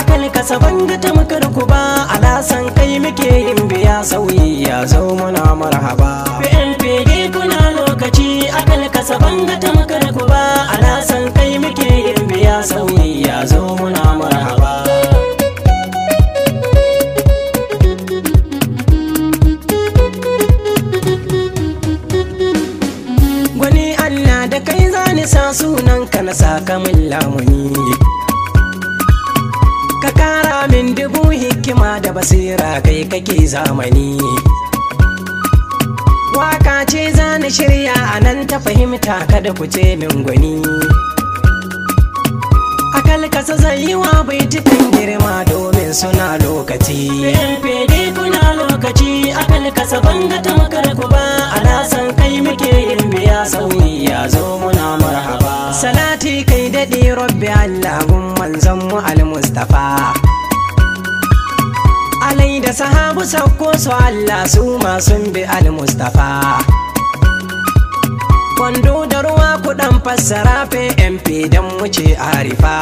akali kasa ga ta makar ku ba alasan kai muke yin biya sauyi ya zo muna marhaba PNPD kuna lokaci akali kasa ga ta makar ku ba alasan kai muke yin biya sauyi ya zo muna marhaba Gwani Allah da kai zani sa sunan ka na saka min lamuni dubu hikima da basira kai kake zamani waka ce za na shirya a nan ta fahimta kada ku ce min gwani akalkasa zan yi wa baitukan girma domin suna lokaci fede kuna lokaci akalkasa banga ta makar ku ba ala san kai muke yin biya sauyi ya zo muna marhaba salati kai daɗi rabbi allah sahabu sauko su Allah su masu bi al-Mustapha. Kwando da ruwa kuɗan fassara fe MP don wuce arifa.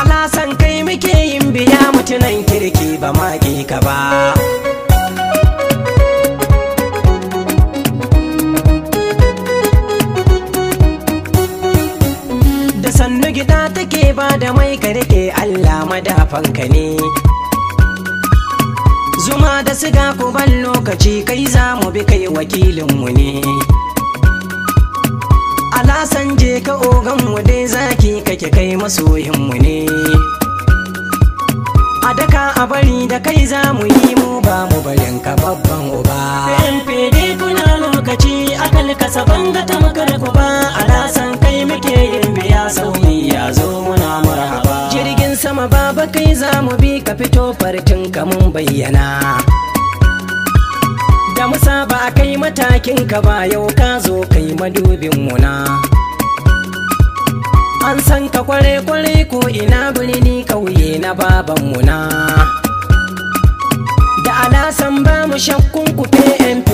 Alasan kai muke yin biya mutunan kirki ba ma ka ba. take ba da mai ka rike Allah madafanka ne zuma da siga ko ban lokaci kai za mu bi kai wakilinmu ne alasan je ka oganmu dai zaki kake kai masoyinmu ne a daka a bari da kai za mu yi mu ba mu bayan ka babban uba. fede kuna lokaci akal kasaban ta kai za mu bi ka fito farcin ka mun bayyana da musa ba kai matakin ka ba yau ka zo kai madubin mu na, an san ka kware kware ko ina ni kauye na baban na, da san ba mu shakkun kufe mp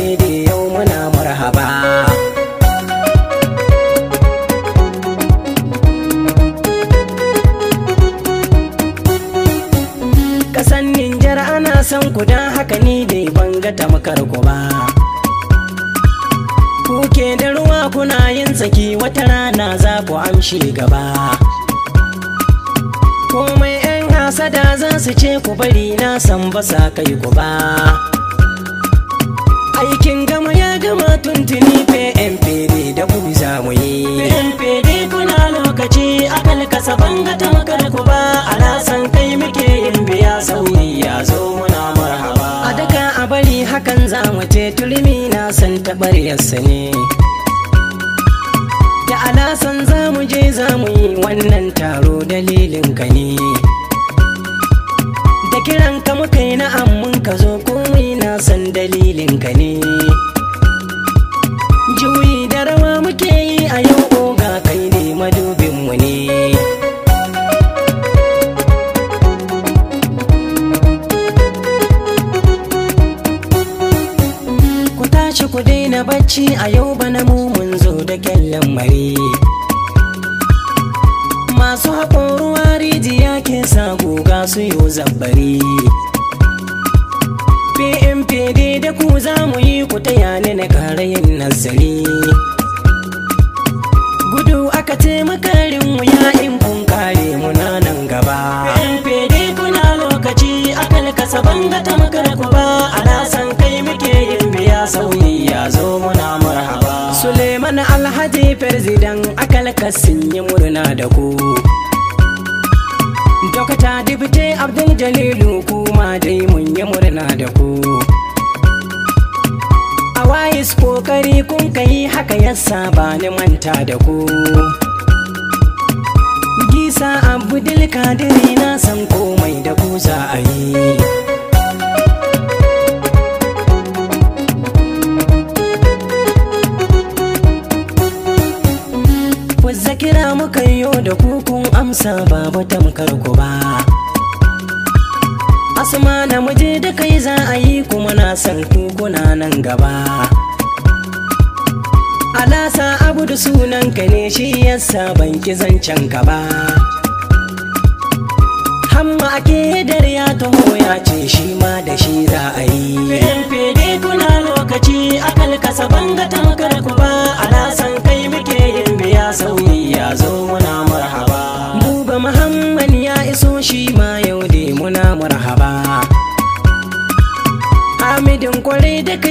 tamkar kuma kuke da ruwa kuna yin tsaki wata rana za ku amshi gaba komai 'yan hasada za su ce ku bari na san ba sa kai ku ba aikin gama ya gama tuntuni pnpd da ku za mu yi pnpd kuna lokaci akal kasa banga tamkar ku ba a san kai muke yin biya sau taɓaryarsa ne da alasan za mu je za mu yi wannan taro dalilin ka ne da kiran ka muka yi na'am mun ka zo komai na san dalilin ka ne juyi da rawa muke na bacci a yau bana mu mun zo da kyallen mare masu haƙon ruwa rijiya ke sa goga su yi zabbari pmpd da ku za mu yi ku taya ni na ƙara yin nazari gudu aka taimakarin mu ya in talaka sun yi murna da ku dokta Dibite abdul jalilu kuma dai mun yi murna da ku a wayis kokari kun kai haka yasa ba ni manta da ku gisa abdul kadiri na san komai da ku za a yi da kukun amsa ba wata ku ba asma na muje da kai za a yi kuma na san kukuna nan gaba alasa abu da sunanka ne shi yasa ban ki zancen ka ba hamma ake dare ya taho ya ce shi ma da shi za a yi fede kuna lokaci akal kasa banga tamkar ku ba alasa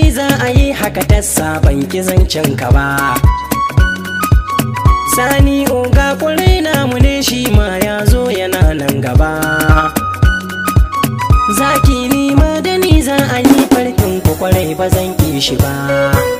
dai za a yi haka tassa ban zancen ka ba sani oga kwarai namu ne shi ma ya zo yana nan gaba zaki ni ma da ni za a yi farkin kwarai ba zan ki shi ba